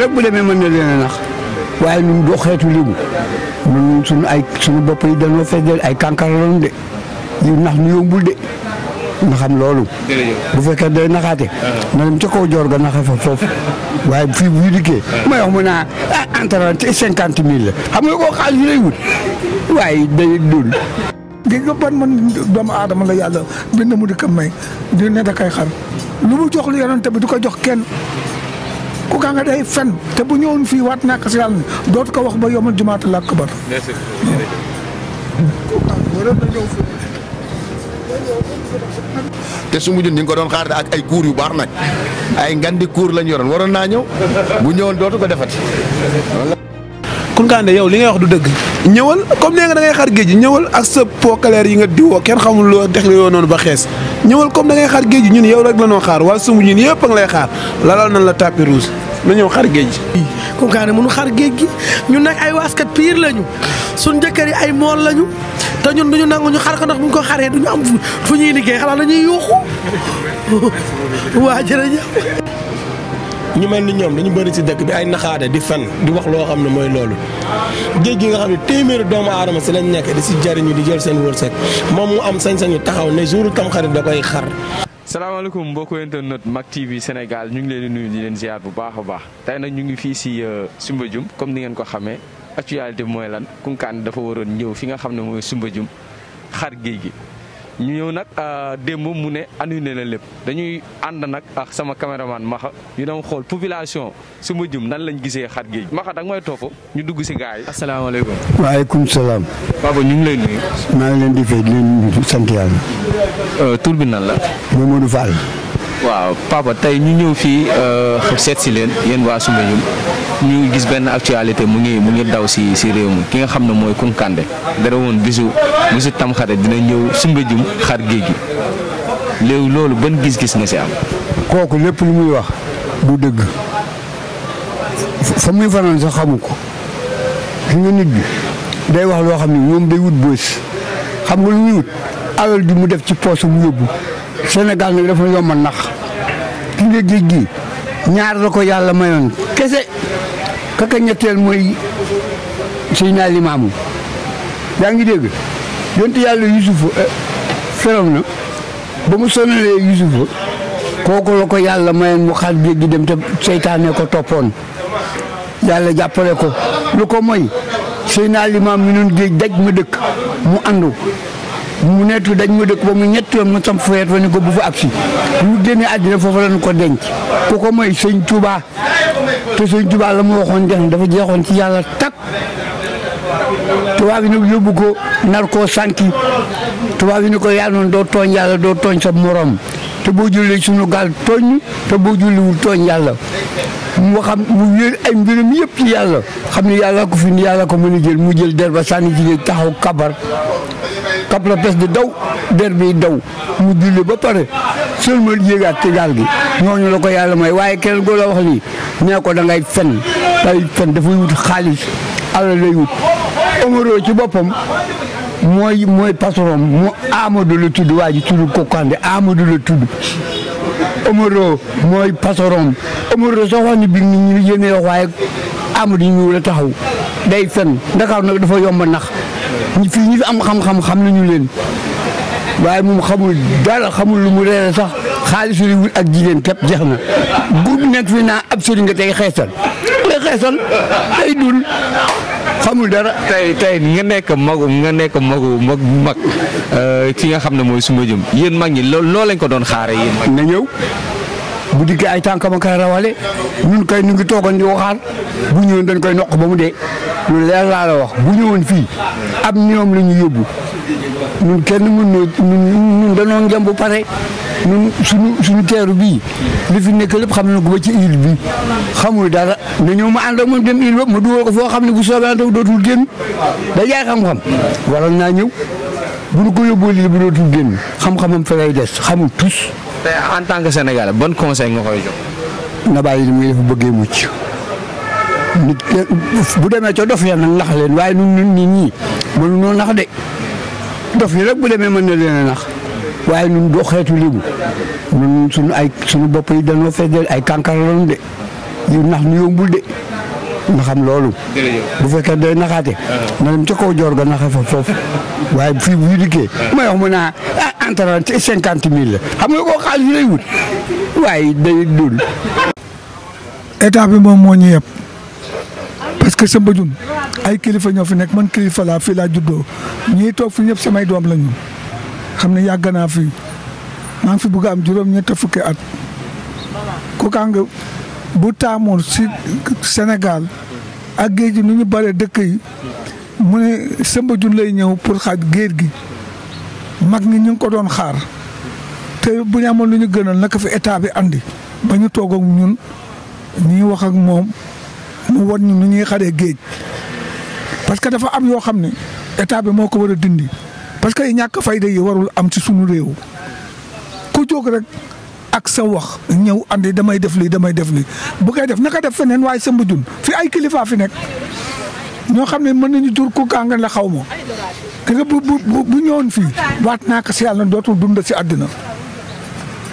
nag bu demee mën na leen a nax waaye ñun doo xeetu ligu ñun suñu ay suñu bopp yi dañoo feddeel ay kànkar loon de yu nax ñu yombul de na xam loolu. bu fekkee day naxaate. Uh-huh. na dem ca kaw joor ga naxe fa foofu waaye fii bu ñu dikkee. Uh-huh. may wax naa ah entre cinquante mille xam nga koo xaalis lay wut waaye day dul. gis nga ban man doomu aadama la yàlla bind mu di ko may di ne da koy xam lu mu jox lu yonent bi du ko jox kenn. ku gaa nga fen te bu ñëwoon fii waat naa ko si dootu ko wax ba yomal jumaata laa ko bar. te su mujjun ñu ngi ko doon xaar ak ay cours yu baax nag ay ngandi cours lañ yoroon waroon naa ñëw bu ñëwoon dootu ko defati. Koukandé yow li ngay wax du dëgg ñëwal comme nee nga da xar géej gi ñëwal ak sa pokaleer yi nga diwoo kenn xamul loo dex yoo noonu ba xees ñëwal comme da ngay xaar géej gi ñun yow rek la noo xaar wala su mujjun yëpp lay xaar lalal nañ la tapis rouge. lu ñëw xar géej gi. Koungheul mënu xar géej gi ñu nag ay waaskat piir lañu suñ jëkkër yi ay mool lañu te ñun duñu nangu ñu xar ko ndax bu ñu ko xaree duñu am fu ñuy liggéey xanaa dañuy yuuxu waa jërëjëf. ñu mel ni ñoom dañu bëri si dëkk bi ay naxaade di fen di wax loo xam ne mooy loolu géej gi nga xam ne téeméeri doomu aadama ci lañ nekk di ci jariñu di jël seen wërsëg moom mu am sañ-sañu taxaw ne jour tam da koy xar. salaamaaleykum mbokki internet Mak TV Sénégal ñu ngi leen di nuyu di leen ziar bu baax a baax tey nag ñu ngi fii si euh, Soumbédioune comme ni ngeen ko xamee actualité bi mooy lan Kounkané dafa waroon ñëw fi nga xam ne mooy Soumbédioune xar géej gi. ñu ñëw nag euh, démb mu ne annulé na lépp dañuy ànd nag ak sama caméraman max ñu dem xool population su ma jëm nan lañ gisee xar géej Maxa da nga may topp ñu dugg si gars yi. asalaamaaleykum. waaleykum salaam. Papa ñu ngi lay nuyu. maa ngi leen di fay di leen sant yàlla. Euh, tur bi nan la. Mamadou Fall. waaw Papa tey ñu ñëw fii euh, seet si leen yéen waa Soumbédioune ñu gis benn actualité mu ngi mu ngi daw si si réew mi ki nga xam ne mooy Kunkande dara woon bisu bisu tamxarit dina ñëw Sumbejum xar géej gi léegi loolu ban gis-gis nga si am. kooku lépp lu muy wax bu dëgg fa muy fanaan sax xamu ko fi nga nit bi day wax loo xam ne moom day wut bës xam nga lu muy wut alal bi mu def ci poos mu yóbbu Sénégal nag dafa yomb nax ki nga géej gi ñaar la ko yàlla mayoon kese kaka ñetteel mooy Seydina Limaamu yaa ngi dégg yonte yàlla Yuusufa eh, ferom na ba mu sonalee Yuusufa kooku la ko yàlla mayoon mu xaar géej dem te seytaane ko toppoon yàlla jàppale ko lu ko mooy Seydina Limaam mi noon géej daj ma dëkk mu àndu mu nettu dañ ma dëkk ba mu ñett yoon ma sam foyeet fa ni ko bu fa ab si mu génnee àddina foofu lañu ko denc ku ko mooy sëñ Tuubaa te sëñ Tuubaa la mu waxoon def dafa jeexoon ci yàlla takk tubaab yi nag yóbbu ko nar koo sànki tubaab yi ni ko yaa doo tooñ yàlla doo tooñ sa morom te boo jullee sunu gaal tooñ te boo julliwul tooñ yàlla mu waxam mu wéer ay mbiram yëpp ci yàlla xam ne yàlla ko fi ni yàlla ko mën a jël mu jël der ba sànni jigéen taxaw kabar Kapalates di daw der bi daw mu julli ba pare seulement yéegaat ci gaal gi ñooñu la ko yàlla may waaye keneen ko la wax nii nee ko da fen day fen dafay wut xaalis alal lay wut Omaro ci boppam mooy mooy patron mu Amadou la tudd waa ji tudd Kokande Amadou la tudd Omaro mooy pasarom Omaro soo xam ne bii nit ñi yéen a wax waaye Amadou ñu la taxaw day fen Ndakaaru nag dafa yomb nax fii ñi fi am xam-xam xam nañu leen waaye moom xamul dara xamul lu mu reere sax xaalis yu wut ak jigéen képp jeex na bu nekk fi naa ab sëriñ nga tey xeesal xeesal day dul xamul dara. tey tey nga nekk magu nga nekk magu mag mag euh, ki nga xam ne mooy suma jëm yéen mag ñi loo lañ ko doon xaare yéen mag na ñëw. bu dikkee ay tànkam ak rawale ñun kay ñu ngi toogoon di waxaar bu ñëwoon dañ koy noq ba mu de lu leer laa la wax bu ñëwoon fii ab ñoom la ñu yóbbu ñun kenn mën ñun ñun danoo ngem bu pare ñun suñu suñu teeru bii li fi nekk lépp xam na ko ba ci île bi xamul dara na ñëw ma ànd ak moom dem île ba ma dugal ko foo xam ne bu soobee ànd ak dootul génn da jaay xam-xam waroon naa ñëw bu ñu ko yóbboo lii bu dootul génn xam-xamam fa lay des xamul tus te en tant que sénégalais ban conseil nga koy jox. na bàyyi li muy def bu bëggee mucc bu demee ca dof ya nag nax leen waaye ñun ñun nit ñi mënuñoo nax de dof yi rek bu demee mën na leen a nax waaye ñun doo xeetu lébu ñun suñu ay suñu bopp yi dañoo feddeel ay kànkar lañu de yu nax ñu yombul de. na xam loolu. bu fekkee day naxaate. Uh-huh. na dem ca kaw joor ga naxee fa foofu waaye fii bu ñu dikkee. Uh-huh. mu naa ah entrant cinquante mille la xam nga koo xaalis lay wut waaye day dul. état bi moom moo ñu yëpp parce que sa mbajum ay kilifa ñoo fi nekk man kilifa laa fii laa juddoo ñii toog fi ñëpp samay doom la ñu xam ne yàgg naa fi maa fi bëgg am juróom-ñett fukki at ku kaa bu taamoon si Sénégal ak géej gi nu ñu bare dëkk yi mu ne sëmba jun lay ñëw pour xaaj géej gi mag ñi ñu ko doon xaar te bu ñu amoon lu ñu gënal naka fi état bi àndi ba ñu toog ak ñun ñu wax ak moom mu wan ñu nu ñuy xaree géej parce que dafa am yoo xam ne état bi moo ko war a dindi parce que ñàkk fayda yi warul am ci sunu réew ku jóg rek ak sa wax ñëw andi damay def lii damay def lii bu koy def naka def feneen waaye sa mbëjun fi ay kilifa fi nekk ñoo xam ne mën nañu tur ku kànga la xaw ma te nga bu bu bu ñëwoon fii waat naa ko si yàlla dootul dund si àddina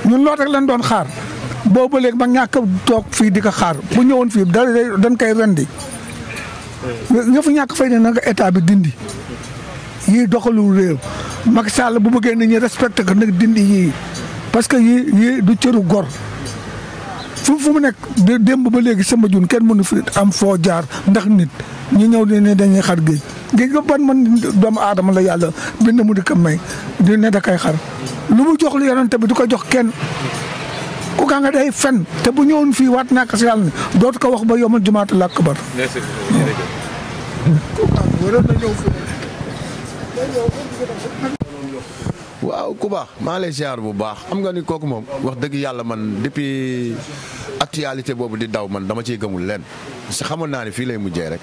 ñun loolu rek lañ doon xaar boobu ba léegi ba ñàkk toog fii di ko xaar bu ñëwoon fii da dañ koy rendi nga fa ñàkk fay ne na nga état bi dindi yii doxalul réew Macky Sall bu bëggee nit ñi respecté ko nag dindi yii parce que yii du cëru gor fu fu mu nekk démb ba léegi sama jun kenn mënu fi am foo jaar ndax nit ñu ñëw ne xar géej géej ga ban man doomu aadama la yàlla bind mu di ko may di ne da koy xar lu mu jox lu yonent bi du ko jox kenn ku kaa nga day fen te bu ñëwoon fii waat naa ko si yàlla ne dootu ko wax ba yomal jumaatu làkk bar waaw ku baax maa lay bu baax am nga ni kooku moom wax dëgg yàlla man depuis actualité boobu di daw man dama ciy gëmul leen si que xamoon naa ne fii lay mujjee rek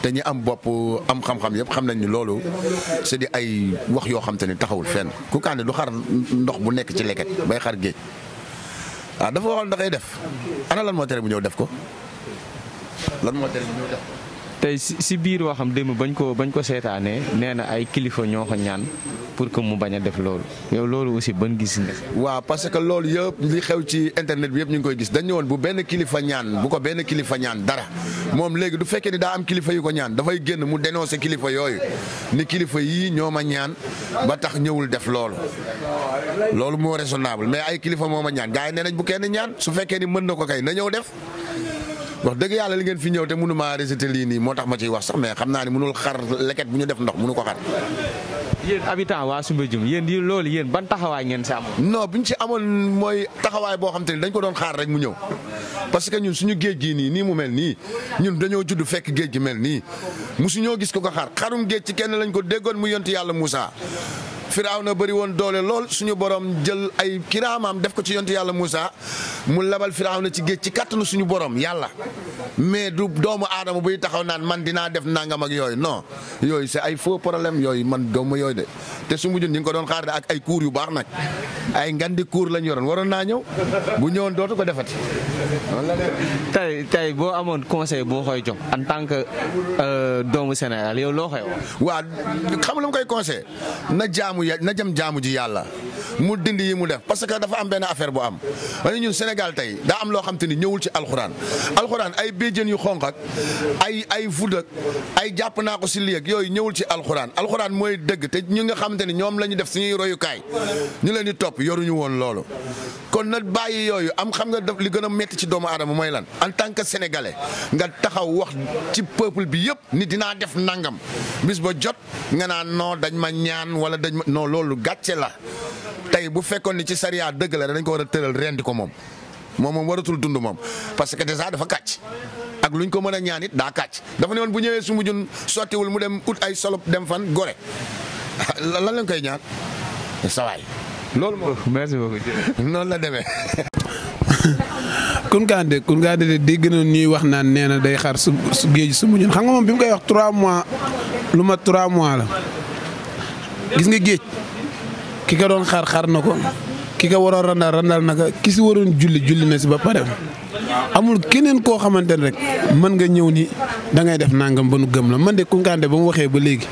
te ñi am bopp am xam-xam yëpp xam nañ ni loolu c'est di ay wax yoo xam te ni taxawul fenn ku kaane du xar ndox bu nekk ci leket bay xar géej waaw ah, dafa waxoon da def ana lan moo ñëw def ko lan moo tere bu ñëw def ko tey si biir waxam démb bañ ko bañ ko seetaanee nee na ay kilifa ñoo ko ñaan pour que mu bañ a def loolu yow loolu aussi ban gis nga. waaw parce que loolu yëpp li xew ci internet bi yëpp ñu ngi koy gis dañ ñëwoon bu benn kilifa ñaan bu ko benn kilifa ñaan dara moom léegi du fekkee ni daa am kilifa yu ko ñaan dafay génn mu dénoncer kilifa yooyu ni kilifa yii ñoo ma ñaan ba tax ñëwul def loolu. loolu moo raisonnable mais ay kilifa moo ma ñaan gars yi nee nañ bu kenn ñaan su fekkee ni mën na ko kay na ñëw def. wax dëgg yàlla li ngeen fi ñëw te mënu maa réciter lii nii moo tax ma ciy wax sax mais xam naa ne mënul xar leket bu ñu def ndox mënu ko xar. yéen habitant waa Soumbédioune yéen di loolu yéen ban taxawaay ngeen si amoon. non bu ñu si amoon mooy taxawaay boo xam te ni dañ ko doon xaar rek mu ñëw parce que ñun suñu géej gi nii nii mu mel nii ñun dañoo judd fekk géej gi mel nii mosuñoo gis ko ko xaar xarum géej ci kenn lañ ko déggoon mu yontu yàlla Moussa Firawna bëri woon doole lool suñu borom jël ay kiraamaam def ko ci yontu yàlla Moussa mu labal Firawna ci géej ci kàttanu suñu boroom yàlla mais du doomu aadama buy taxaw naan man dinaa def nangam ak yooyu no yooyu c'est ay faux problème yooyu man doomu yooyu de te su mujjun ñu ngi ko doon xaar ak ay cours yu baax nag ay ngandi cours lañ yoroon waroon naa ñëw bu ñëwoon dootu ko defati. tey tey boo amoon conseil boo koy jox en tant que euh, doomu Sénégal yow loo na dem jaamu ji yàlla mu dind yi mu def parce que dafa am benn affaire bu am waaye ñun Sénégal tey daa am loo xam te ni ñëwul ci alxuraan alxuraan ay béjjën yu xonq ak ay ay fud ay jàpp naa ko si lii yooyu ñëwul ci alxuraan alxuraan mooy dëgg te ñu nga xamante ni ñoom la ñu def suñuy royukaay ñu leen di topp yoruñu woon loolu kon na bàyyi yooyu am xam nga daf li gën a métti ci doomu aadama mooy lan en tant que sénégalais nga taxaw wax ci peuple bi yëpp ni dinaa def nangam bis ba jot nga naan non dañ ma ñaan wala dañ ma non loolu gàcce la tey bu fekkoon ni ci sariya dëgg la danañ ko war a tëral rendi ko moom moom moom waratul dund moom parce que déjà dafa kàcc ak luñ ko mën a ñaan it daa kàcc dafa ne woon bu ñëwee su mujjun sottiwul mu dem ut ay solop dem fan gore lan lañ koy ñaan sawaay loolu moom oh, merci beaucoup noonu la demee Kounkandé Kounkandé de dégg na ñuy wax naan nee na day xar su géej su mujjun xam nga moom bi mu koy wax trois mois lu ma trois mois la gis nga géej ki ko doon xaar xaar na ko ki ko waroon randal randal na ko ki si waroon julli julli na si ba pare amul keneen koo xamante ne rek mën nga ñëw ni da ngay def nangam ba nu gëm la man de Kounkandé ba mu waxee ba léegi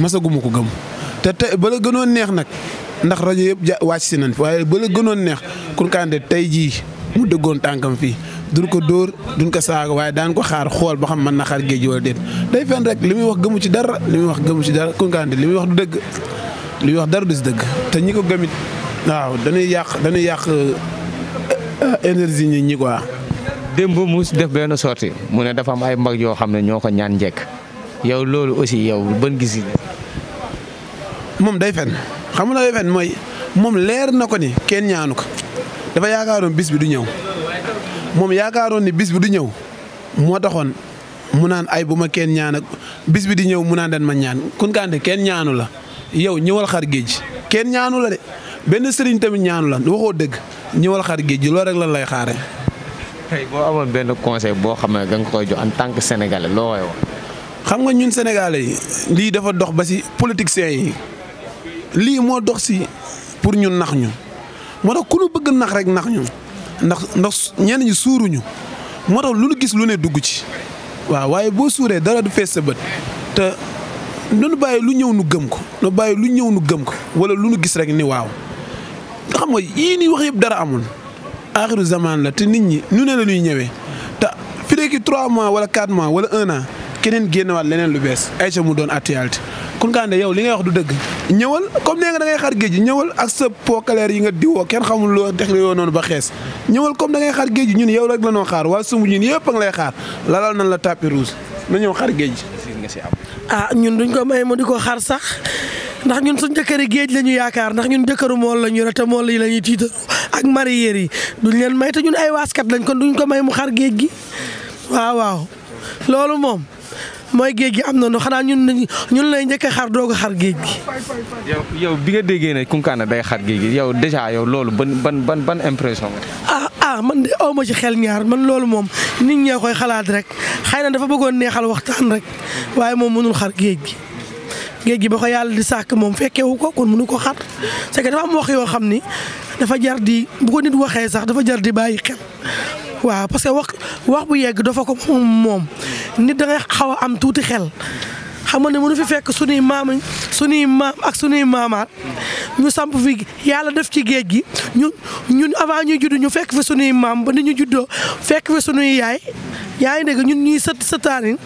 masaguma ko gëm te te ba la gënoon neex nag ndax rajo yëpp ja si nañ fi waaye ba la gënoon neex Kounkandé tey jii mu dëggoon tànkam fii duñ ko dóor duñ ko saaga waaye daan ko xaar xool ba xam mën na xaar géej wala déet day fen rek li muy wax gëmu ci dara li muy wax gëmu ci dara Kounkandé li muy wax du dëgg li wax dara du si dëgg te ñi ko gëmit waaw dañuy yàq dañuy yàq euh, énergie ñi ñi quoi. démb mu def benn sorti mu ne dafa am ay mag yoo xam ne ñoo ko ñaan njekk yow loolu aussi yow ban gis moom day fen xam nga day fen mooy moom leer na ko ni kenn ñaanu ko dafa yaakaaroon bis bi du ñëw moom yaakaaroon ni bis bi du ñëw moo taxoon mu naan ay bu ma kenn ñaan bis bi di ñëw mu naan den ma ñaan kun kaante kenn ñaanu la. yow ñëwal xar géej kenn ñaanu la de benn sëriñ tamit ñaanu la waxoo dëgg ñëwal xar géej loolu rek lan lay xaare tey boo benn conseil boo xam ne da nga koy jox en tant que sénégalais xam nga ñun sénégalais yi lii dafa dox ba si politiciens yi lii moo dox si pour ñun nax ñu moo tax ku ñu bëgg nax rek nax ñu ndax ndax ñenn ñi suuruñu moo tax lu ñu gis lu ne dugg ci waaw waaye boo suuree dara du fees sa te. nanu bàyyi lu ñëw nu gëm ko nu bàyyi lu ñëw nu gëm ko wala lu nu gis rek ni waaw xam nga yii ni wax yëpp dara amul aaxiru zaman la te nit ñi ñu ne la nuy ñëwee te fi rekki trois mois wala quatre mois wala un an keneen génnewaat leneen lu bees ay sa mu doon actualité kon kaan yow li nga wax du dëgg ñëwal comme nee nga da xar géej gi ñëwal ak sa pokaleer yi nga diw diwoo kenn xamul loo dex yoo noonu ba xees ñëwal comme da ngay xar géej gi ñun yow rek la noo xaar wala sumu ñun yëpp a lay xaar lalal nan la tapis rouge na ñëw xar géej gi nga si am. ah ñun duñ ko may mu di ko xar sax ndax ñun suñ jëkkëri géej la ñu yaakaar ndax ñun jëkkëru mool la ñu rek te mool yi la ñuy tiital ak mareyeur yi duñ leen may te ñun ay waaskat lañ kon duñ ko may mu xar géej gi waaw waaw loolu moom. mooy géej gi am na noonu xanaa ñun ñun lay njëkk a xar doog a xar géej gi. yow yow bi nga déggee ne Koungheul day xar géej gi yow dèjà yow loolu ban ban ban ban impression nga. Ah, ah man de aw ma ci xel ñaar man loolu moom nit ñee koy xalaat rek xëy na dafa bëggoon neexal waxtaan rek waaye moom mënul xar géej gi. géej gi ba ko yàlla di sàkk moom fekkewu ko kon mënu ko xar seke que dafa am wax yoo xam ni dafa jar di bu ko nit waxee sax dafa jar di bàyyi xel. waaw parce que wax wax bu yegg dafa ko moom nit da xaw a am tuuti xel xam nga ne mënu fi fekk sunuy maam sunuy maam ak sunuy maamaat ñu samp fi yàlla def ci géej gi ñu ñun avant ñuy judd ñu fekk fi sunuy maam ni ñu juddoo fekk fi sunuy yaay yaa ngi dégg ñun ñuy sët sëtaanin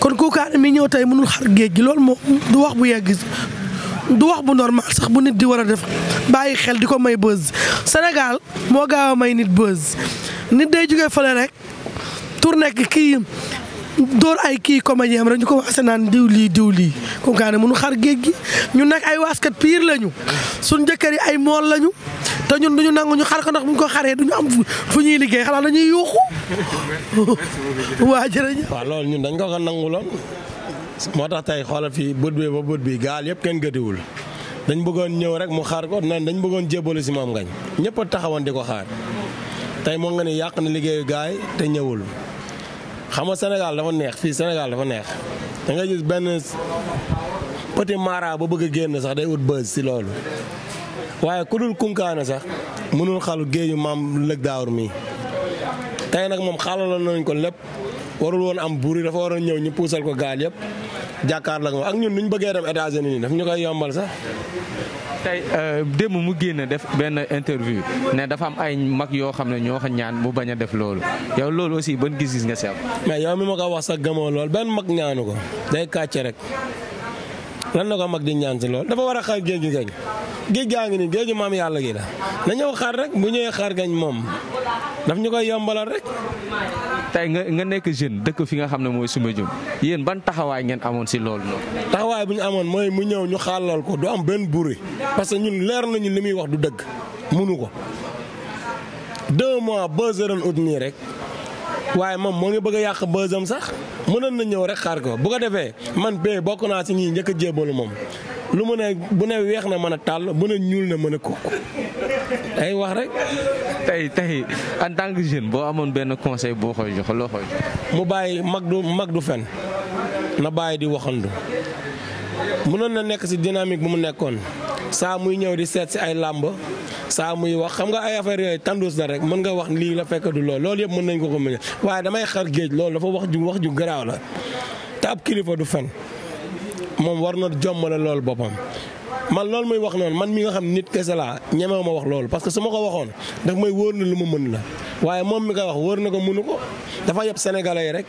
kon Kounkandé mi ñëw tey mënul xar géej gi loolu moom du wax bu yegg du wax bu normal sax bu nit di war a def bàyyi xel di ko may buzz senegal moo gaaw a may nit buzz nit day jógee fële rek tourné kii dóor ay kii comédien am rek ñu commencé naan diw lii diw lii kon kaa xar géej gi ñun nag ay waaskat piir lañu suñ jëkkër yi ay mool lañu te ñun duñu nangu ñu xar ko ndax bu ñu ko xaree duñu am fu ñuy liggéey xanaa dañuy yuuxu waa jërëjëf waaw loolu ñun dañ ko ko nanguloon moo tax tey xoolal fii bët bi bi gaal yëpp kenn gëtiwul dañ bëggoon ñëw rek mu xaar ko nan dañ bëggoon jébalu si moom ngañ ñëpp a taxawoon di ko xaar tey moo nga ne yàq na liggéeyu gaay te ñëwul xam nga Sénégal dafa neex fii Sénégal dafa neex da nga benn petit mara ba bëgg a génn sax day ut bës si loolu waaye ku dul kunkaane sax mënul xalu géeju maam lëg daawur mi tey nag moom xalaloon nañ ko lépp warul woon am buur yi dafa waroon ñëw ñu puusal ko gaal yëpp jàkkaarloo ak ñun nu ñu bëggee dem États-Unis daf ñu koy yombal sax. tey euh, démb mu génn def benn interview ne dafa am ay mag yoo xam ne ñoo ko ñaan bu bañ a def loolu yow loolu aussi ban gis-gis nga seet. mais yow mi ma ko wax sax gëmoo lool benn mag ñaanu ko day kàcce rek lan na ko mag di ñaan si lool dafa war a xaar géej gi gañ géej gaa ngi nii géeju maam yàlla gi la na ñëw xaar rek bu ñëwee xaar gañ moom daf ñu koy yombalal rek. tey nga nga nekk jeune dëkko fi nga xam ne mooy Soumbédioune yéen ban taxawaay ngeen amoon si loolu noonu. taxawaay bu ñu amoon mooy mu ñëw ñu xaalal ko du am benn bruit parce que ñun leer nañu li muy wax du dëgg munu ko deux mois ba zéro août nii rek. waaye moom moo ngi bëgg a yàq bësam sax mënoon na ñëw rek xaar ko bu ko defee man bee bokk naa si ñii njëkk a moom lu mën a bu ne weex na mën a tàll bu ne ñuul na mën a ko ay wax rek. tey tey en tant que boo amoon benn conseil boo koy jox loo koy mu bàyyi mag du mag du fen na bàyyi di waxandu mënoon na nekk ci dynamique bu mu nekkoon saa muy ñëw di seet ci ay làmb saa muy wax xam nga ay affaire yooyu tandus la rek mën nga wax lii la fekk du lool loolu yëpp mën nañ ko ko mën waaye damay xar géej loolu dafa wax ju wax ju garaaw la te ab kilifa du fen moom war na jommale loolu boppam. man loolu mooy wax noonu man mi nga xam nit kese laa ñemewu ma wax loolu parce que su ma ko waxoon daf may wóor na lu mën la waaye moom mi koy wax wóor na ko mënu ko dafa yeb sénégalais yi rek.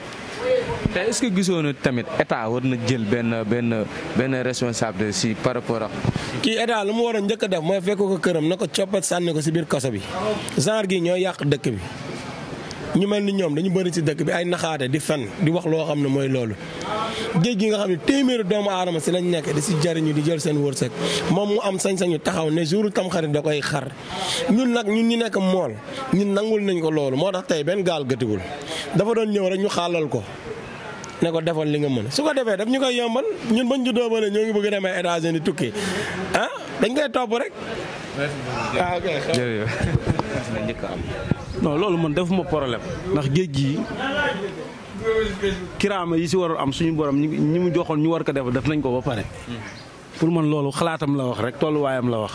te est-ce na tamit état war na jël benn benn benn responsable si par rapport ak. kii état lu mu war a njëkk a def mooy fekk ko këram na ko coppat sànni ko si biir kaso bi genre gi ñooy yàq dëkk bi. ñu mel ni ñoom dañu bëri si dëkk bi ay naxaate di fen di wax loo xam ne mooy loolu géej gi nga xam ne téeméeri doomu aadama si lañ nekk di si jariñu di jël seen wërsëg moom mu am sañ-sañu taxaw ne jour tamxarit da koy xar ñun nag ñun ñu nekk mool ñun nangul nañ ko loolu moo tax tey benn gaal gëtiwul dafa doon ñëw rek ñu xaalal ko ne ko defoon li nga mën su ko defee def ñu koy yombal ñun bañ juddoo ba ne ñoo ngi bëgg demee États-Unis tukki ah dañ koy topp rek. ah ok jërëjëf non loolu man defuma problème ndax géej gi kiraama yi si waroon am suñu borom ñi mu joxoon ñu war ko def def nañ ko ba pare. pour man loolu xalaatam la wax rek tolluwaayam la wax.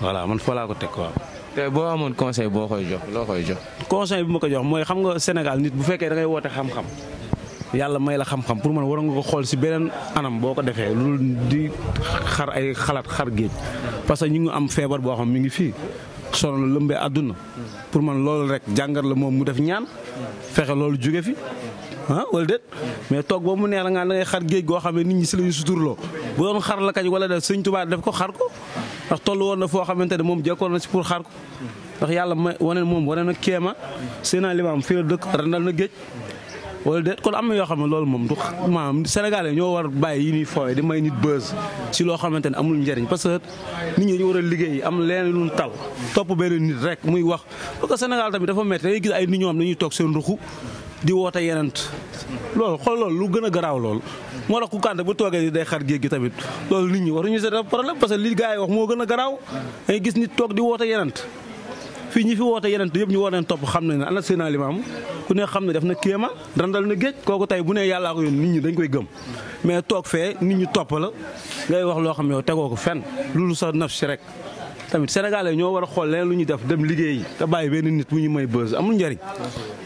voilà man fa ko teg waaw. tey boo amoon conseil boo koy jox loo koy jox. conseil bi ma ko jox mooy xam nga Sénégal nit bu fekkee dangay woote xam-xam. yàlla may la xam-xam pour man waroon nga ko xool si beneen anam boo ko defee loolu di xar ay xalaat xar géej. parce que ñu ngi am feebar boo xam mi ngi fii. sonal lëmbee àdduna. pour man loolu rek jàngat la moom mu def ñaan. fexe loolu jóge fi. ah wala mais toog ba mu neex la nga da ngay xar géej goo xam ne nit ñi si la ñu suturloo bu doon xar la kañ wala def sëñ Tuubaa def ko xar ko ndax toll woon na foo xamante ne moom jekkoon na si pour xar ko yàlla ma wane moom wane na kéema Seydina Limaam fii la dëkk randal na géej wala déet kon am na yoo xam ne loolu moom du maanaam sénégalais ñoo war bàyyi yi ñuy fooye di may nit bës si loo xamante ne amul njëriñ parce que nit ñi dañu war a liggéey am leen lu tal topp benn nit rek muy wax parce que Sénégal tamit dafa métti day gis ay nit ñoom dañuy toog seen ruxu di woote yenent loolu xool loolu lu gën a garaaw loolu moo tax ku kante bu toogee di day xar géej gi tamit loolu nit ñi waruñu se def problème parce que li gars yi wax moo gën a garaaw dangay gis nit toog di woote yenent fii ñi fi woote yenent yëpp ñu war leen topp xam nañ ne ana seen limaam ku ne xam ne def na kéema randal na géej kooku tey bu nee yàllaa ko yoon nit ñi dañ koy gëm mais toog fee nit ñi topp la ngay wax loo xam yow tegoo ko fenn loolu sa naf si rek tamit sénégalais ñoo war a xool leen lu ñuy def dem liggéey te bàyyi benn nit bu ñu may bës amul njëriñ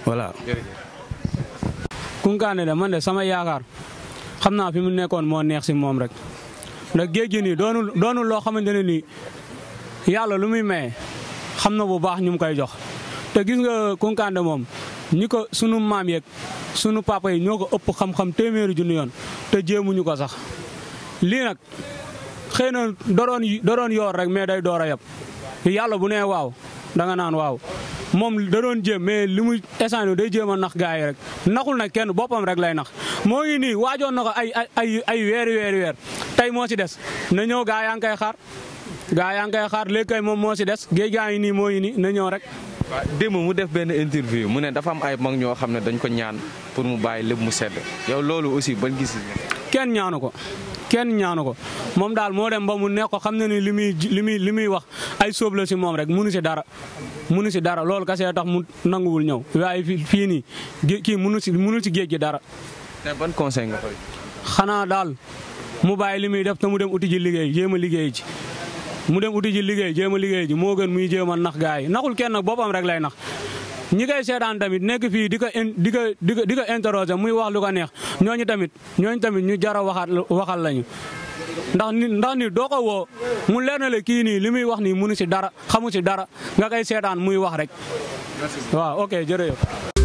voilà kunkaane de man de sama yaakaar xam naa fi mu nekkoon moo neex si moom rek ndax géej gi nii doonul loo xamante ne nii yàlla lu muy maye xam na bu baax ñu mu koy jox te gis nga kunkaande moom ñi ko sunu maam yeeg sunu papa yi ñoo ko ëpp xam-xam téeméeri junni yoon te jéemuñu ko sax lii nag xëy na doroon doroon yoor rek mais day door a yab yàlla bu nee waaw danga naan waaw moom da doon jéem mais li mu instant day jéem a nax gars yi rek naxul nag kenn boppam rek lay nax moo ngi nii waajoon na ko ay ay ay weeri weeri weer tey moo si des na ñëw gaa yaa ngi koy xaar gaa yaa ngi koy xaar léegi moom moo si des géej gaa yi nii moo nii na ñëw rek. waaw mu def benn interview mu ne dafa am ay mag ñoo xam ne dañ ko ñaan pour mu bàyyi lépp mu sedd yow loolu aussi bañ gis-gis. kenn ñaanu ko. kenn ñaanu ko moom daal moo dem ba mu nekk ko xam na ni li muy li muy li muy wax ay sóob si moom rek munu si dara. munu si dara loolu kese tax mu nanguwul ñëw waaye fii fii nii kii munu si munu si géej gi dara. tey ban nga xanaa daal mu bàyyi li muy def te mu dem uti ji liggéey jéem a liggéey ji. mu dem uti ji liggéey jéem a liggéey ji moo gën muy jéem a nax gaa yi naxul kenn boppam rek lay nax. ñi koy seetaan tamit nekk fii di ko di ko di di ko interroger muy wax lu ko neex ñooñu tamit ñooñu tamit ñu jar a waxaat waxal lañu. ndax ni ndax ni doo ko woo mu leer na la kii nii li muy wax nii mënu si dara xamu si dara nga koy seetaan muy wax rek waaw ok jërëjëf.